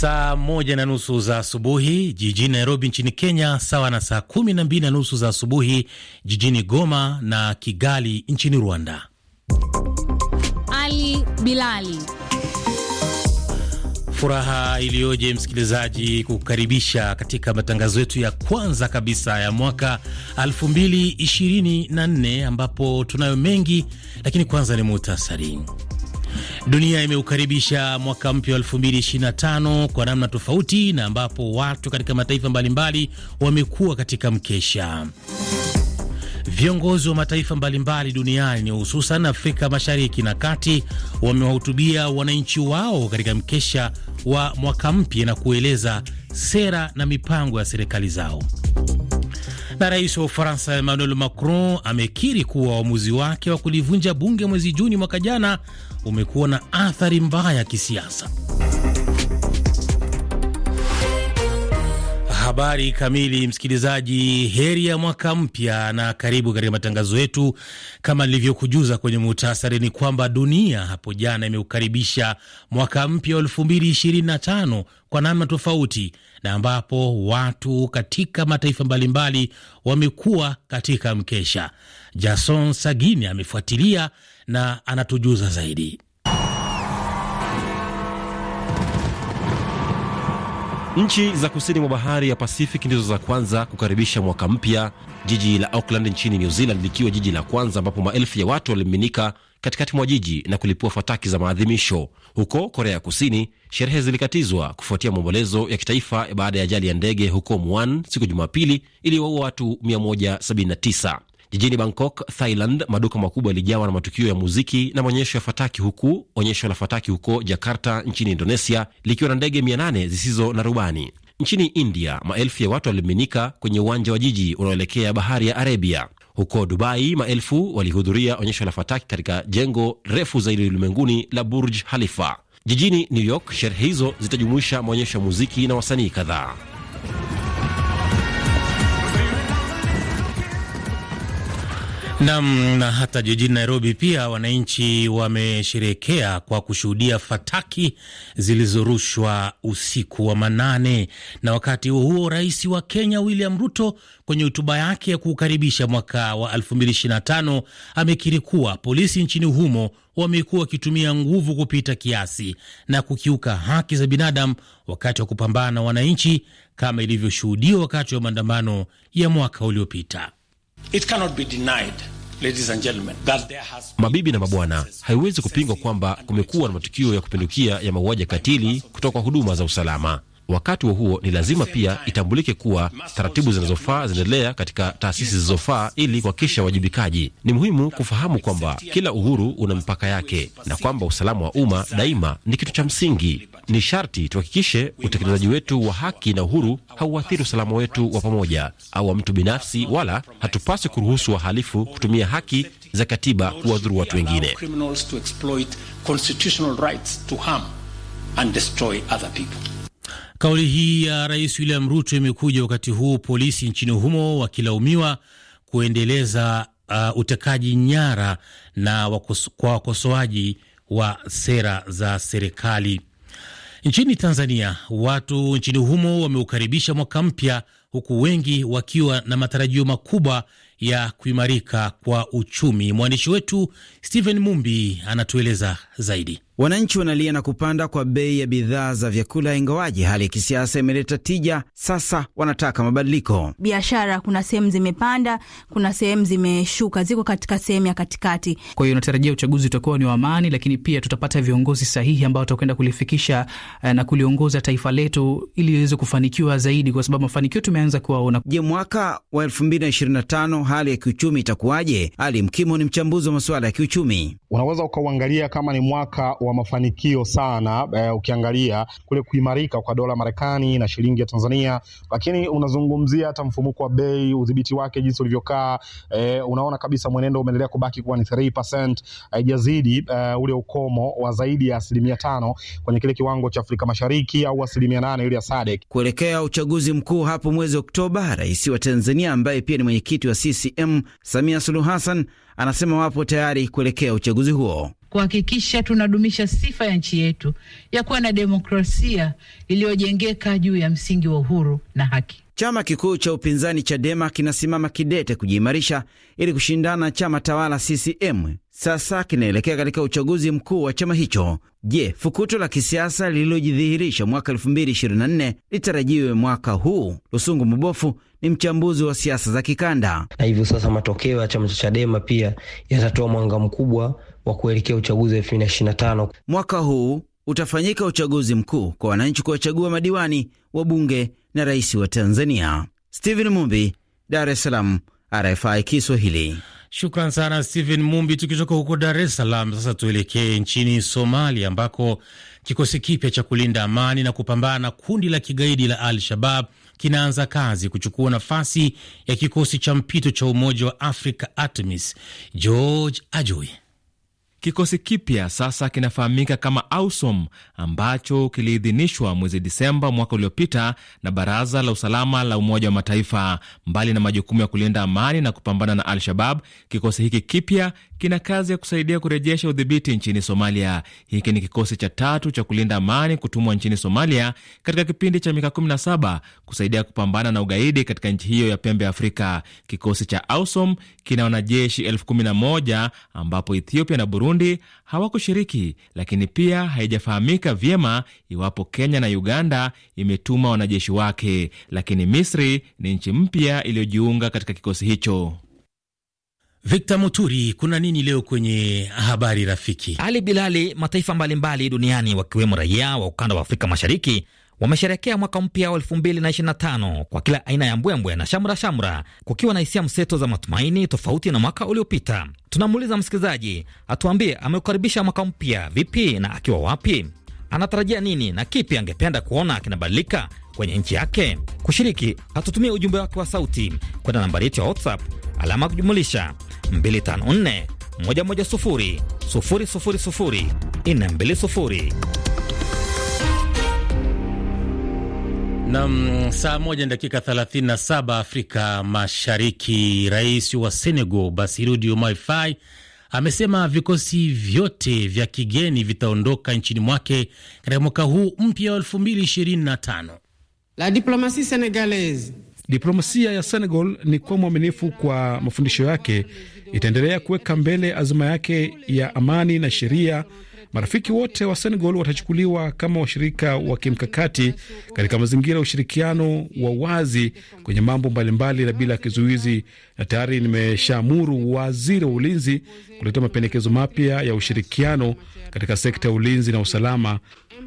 Saa moja na nusu za asubuhi jijini Nairobi nchini Kenya, sawa na saa kumi na mbili na nusu za asubuhi jijini Goma na Kigali nchini Rwanda. Ali Bilali, furaha iliyoje msikilizaji, kukaribisha katika matangazo yetu ya kwanza kabisa ya mwaka 2024 ambapo tunayo mengi, lakini kwanza ni muhtasari Dunia imeukaribisha mwaka mpya wa 2025 kwa namna tofauti, na ambapo watu katika mataifa mbalimbali wamekuwa katika mkesha. Viongozi wa mataifa mbalimbali duniani hususan Afrika Mashariki na Kati wamewahutubia wananchi wao katika mkesha wa mwaka mpya na kueleza sera na mipango ya serikali zao. Na rais wa Ufaransa Emmanuel Macron amekiri kuwa uamuzi wake wa kulivunja bunge mwezi Juni mwaka jana umekuwa na athari mbaya ya kisiasa. Habari kamili, msikilizaji, heri ya mwaka mpya na karibu katika matangazo yetu. Kama nilivyokujuza kwenye muhtasari, ni kwamba dunia hapo jana imeukaribisha mwaka mpya wa elfu mbili ishirini na tano kwa namna tofauti, na ambapo watu katika mataifa mbalimbali wamekuwa katika mkesha. Jason Sagini amefuatilia na anatujuza zaidi. Nchi za kusini mwa bahari ya Pacific ndizo za kwanza kukaribisha mwaka mpya, jiji la Auckland nchini New Zealand likiwa jiji la kwanza ambapo maelfu ya watu walimiminika katikati mwa jiji na kulipua fataki za maadhimisho. Huko Korea ya Kusini, sherehe zilikatizwa kufuatia maombolezo ya kitaifa baada ya ajali ya ndege huko Muan siku ya Jumapili iliyowaua watu 179. Jijini Bangkok, Thailand, maduka makubwa yalijawa na matukio ya muziki na maonyesho ya fataki, huku onyesho la fataki huko Jakarta nchini Indonesia likiwa na ndege 800 zisizo na rubani. Nchini India, maelfu ya watu walimiminika kwenye uwanja wa jiji unaoelekea bahari ya Arabia. Huko Dubai, maelfu walihudhuria onyesho la fataki katika jengo refu zaidi ulimwenguni la Burj Khalifa. Jijini New York, sherehe hizo zitajumuisha maonyesho ya muziki na wasanii kadhaa. Nam, na hata jijini Nairobi pia wananchi wamesherehekea kwa kushuhudia fataki zilizorushwa usiku wa manane. Na wakati huo huo, rais wa Kenya William Ruto kwenye hotuba yake ya kuukaribisha mwaka wa 2025 amekiri kuwa polisi nchini humo wamekuwa wakitumia nguvu kupita kiasi na kukiuka haki za binadamu wakati wa kupambana na wananchi kama ilivyoshuhudiwa wakati wa maandamano ya mwaka uliopita. It cannot be denied. Ladies and gentlemen, that there has mabibi na mabwana, haiwezi kupingwa kwamba kumekuwa na matukio ya kupindukia ya mauaji ya katili kutoka kwa huduma za usalama. Wakati wa huo ni lazima pia itambulike kuwa taratibu zinazofaa zinaendelea katika taasisi zilizofaa ili kuhakikisha uwajibikaji. Ni muhimu kufahamu kwamba kila uhuru una mipaka yake na kwamba usalama wa umma daima ni kitu cha msingi. Ni sharti tuhakikishe utekelezaji wetu wa haki na uhuru hauathiri usalama wetu wa pamoja au wa mtu binafsi, wala hatupaswi kuruhusu wahalifu kutumia haki za katiba kuwadhuru watu wengine. And destroy other people. Kauli hii ya Rais William Ruto imekuja wakati huu polisi nchini humo wakilaumiwa kuendeleza uh, utekaji nyara na wakos, kwa wakosoaji wa sera za serikali. Nchini Tanzania, watu nchini humo wameukaribisha mwaka mpya, huku wengi wakiwa na matarajio makubwa ya kuimarika kwa uchumi. Mwandishi wetu Stephen Mumbi anatueleza zaidi. Wananchi wanalia na kupanda kwa bei ya bidhaa za vyakula, ingawaji hali ya kisiasa imeleta tija. Sasa wanataka mabadiliko. Biashara kuna sehemu zimepanda, kuna sehemu zimeshuka, ziko katika sehemu ya katikati. Kwa hiyo natarajia uchaguzi utakuwa ni wa amani, lakini pia tutapata viongozi sahihi ambao watakwenda kulifikisha eh, na kuliongoza taifa letu ili liweze kufanikiwa zaidi, kwa sababu mafanikio tumeanza kuwaona. Je, mwaka wa 2025 hali ya kiuchumi itakuwaje? Ali Mkimo ni mchambuzi wa masuala ya kiuchumi unaweza ukauangalia kama ni mwaka wa mafanikio sana e, ukiangalia kule kuimarika kwa dola Marekani na shilingi ya Tanzania, lakini unazungumzia hata mfumuko wa bei, udhibiti wake jinsi ulivyokaa. E, unaona kabisa mwenendo umeendelea kubaki kuwa ni 3% haijazidi e, ule ukomo wa zaidi ya asilimia tano kwenye kile kiwango cha Afrika Mashariki au asilimia nane ile ya SADC. Kuelekea uchaguzi mkuu hapo mwezi Oktoba, rais wa Tanzania ambaye pia ni mwenyekiti wa CCM Samia Suluhu Hassan anasema wapo tayari kuelekea uchaguzi huo kuhakikisha tunadumisha sifa ya nchi yetu ya kuwa na demokrasia iliyojengeka juu ya msingi wa uhuru na haki. Chama kikuu cha upinzani Chadema kinasimama kidete kujiimarisha ili kushindana na chama tawala CCM sasa kinaelekea katika uchaguzi mkuu wa chama hicho. Je, fukuto la kisiasa lililojidhihirisha mwaka 2024 litarajiwe mwaka huu? Lusungu Mubofu ni mchambuzi wa siasa za kikanda. Na hivyo sasa matokeo ya chama cha Chadema pia yatatoa mwanga mkubwa wa kuelekea uchaguzi wa 2025. Mwaka huu utafanyika uchaguzi mkuu kwa wananchi kuwachagua madiwani, wabunge na rais wa Tanzania. Stephen Mumbi, Dar es Salaam, RFI Kiswahili. Shukran sana Stephen Mumbi. Tukitoka huko Dar es Salaam, sasa tuelekee nchini Somalia ambako kikosi kipya cha kulinda amani na kupambana na kundi la kigaidi la Al Shabab kinaanza kazi kuchukua nafasi ya kikosi cha mpito cha Umoja wa Afrika ATMIS. George Ajoi. Kikosi kipya sasa kinafahamika kama AUSOM ambacho kiliidhinishwa mwezi Disemba mwaka uliopita na Baraza la Usalama la Umoja wa Mataifa. Mbali na majukumu ya kulinda amani na kupambana na Al-Shabab, kikosi hiki kipya kina kazi ya kusaidia kurejesha udhibiti nchini Somalia. Hiki ni kikosi cha tatu cha kulinda amani kutumwa nchini Somalia katika kipindi cha miaka 17 kusaidia kupambana na ugaidi katika nchi hiyo ya pembe ya Afrika. Kikosi cha AUSOM kina wanajeshi elfu kumi na moja ambapo Ethiopia na Burundi hawakushiriki, lakini pia haijafahamika vyema iwapo Kenya na Uganda imetuma wanajeshi wake, lakini Misri ni nchi mpya iliyojiunga katika kikosi hicho. Victor Muturi, kuna nini leo kwenye habari rafiki? Ali Bilali, mataifa mbalimbali duniani wakiwemo raia wa ukanda wa Afrika Mashariki wamesherekea mwaka mpya wa 2025 kwa kila aina ya mbwembwe na shamra shamra, kukiwa na hisia mseto za matumaini tofauti na mwaka uliopita. Tunamuuliza msikilizaji atuambie ameukaribisha mwaka mpya vipi na akiwa wapi, anatarajia nini na kipi angependa kuona kinabadilika kwenye nchi yake. Kushiriki, atutumie ujumbe wake wa sauti kwenda nambari yetu ya WhatsApp alama kujumulisha Nam, saa moja na dakika 37 Afrika Mashariki. Rais wa Senegal Bassirou Diomaye Faye amesema vikosi vyote vya kigeni vitaondoka nchini mwake katika mwaka huu mpya wa 2025. La diplomatie senegalaise Diplomasia ya Senegal ni kuwa mwaminifu kwa mafundisho yake, itaendelea kuweka mbele azima yake ya amani na sheria Marafiki wote wa Senegal watachukuliwa kama washirika wa kimkakati katika mazingira ya ushirikiano wa wazi kwenye mambo mbalimbali na bila kizuizi, na tayari nimeshaamuru waziri wa ulinzi kuleta mapendekezo mapya ya ushirikiano katika sekta ya ulinzi na usalama,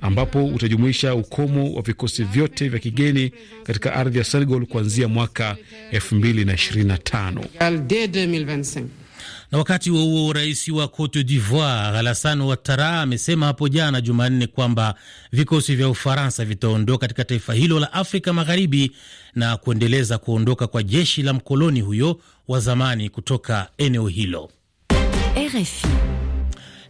ambapo utajumuisha ukomo wa vikosi vyote vya kigeni katika ardhi ya Senegal kuanzia mwaka 2025. Na wakati huo huo, rais wa Cote d'Ivoire Alassane Ouattara amesema hapo jana Jumanne kwamba vikosi vya Ufaransa vitaondoka katika taifa hilo la Afrika Magharibi na kuendeleza kuondoka kwa jeshi la mkoloni huyo wa zamani kutoka eneo hilo. RFI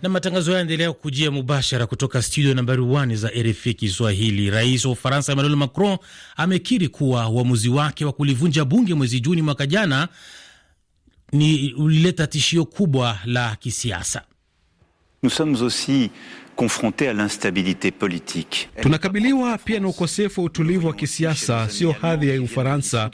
na matangazo haya endelea kujia mubashara kutoka studio nambari 1 za RFI Kiswahili. Rais wa Ufaransa Emmanuel Macron amekiri kuwa uamuzi wake wa kulivunja bunge mwezi Juni mwaka jana ni ulileta tishio kubwa la kisiasa à l'instabilité politique. Tunakabiliwa pia na ukosefu wa utulivu wa kisiasa, sio hadhi ya Ufaransa.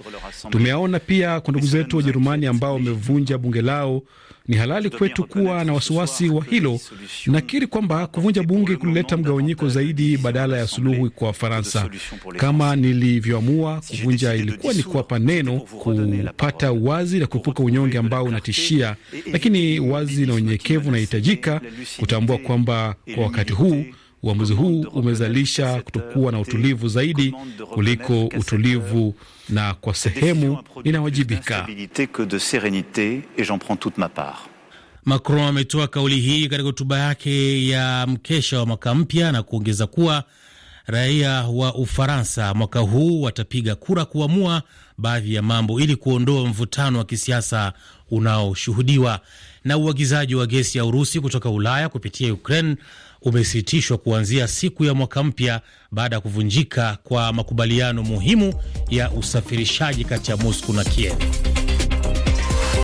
Tumeaona pia kwa ndugu zetu wa Ujerumani ambao wamevunja bunge lao. Ni halali kwetu kuwa na wasiwasi wa hilo. Nakiri kwamba kuvunja bunge kulileta mgawanyiko zaidi badala ya suluhu kwa Faransa. Kama nilivyoamua kuvunja, ilikuwa ni kuwapa neno, kupata uwazi na kuepuka unyonge ambao unatishia, lakini wazi na unyenyekevu unahitajika, kutambua kwamba kwa wakati huu uamuzi huu umezalisha kutokuwa na utulivu zaidi kuliko utulivu, na kwa sehemu inawajibika Macron ametoa kauli hii katika hotuba yake ya mkesha wa mwaka mpya na kuongeza kuwa raia wa Ufaransa mwaka huu watapiga kura kuamua baadhi ya mambo ili kuondoa mvutano wa kisiasa unaoshuhudiwa. Na uagizaji wa gesi ya Urusi kutoka Ulaya kupitia Ukraine umesitishwa kuanzia siku ya mwaka mpya baada ya kuvunjika kwa makubaliano muhimu ya usafirishaji kati ya Moscow na Kiev.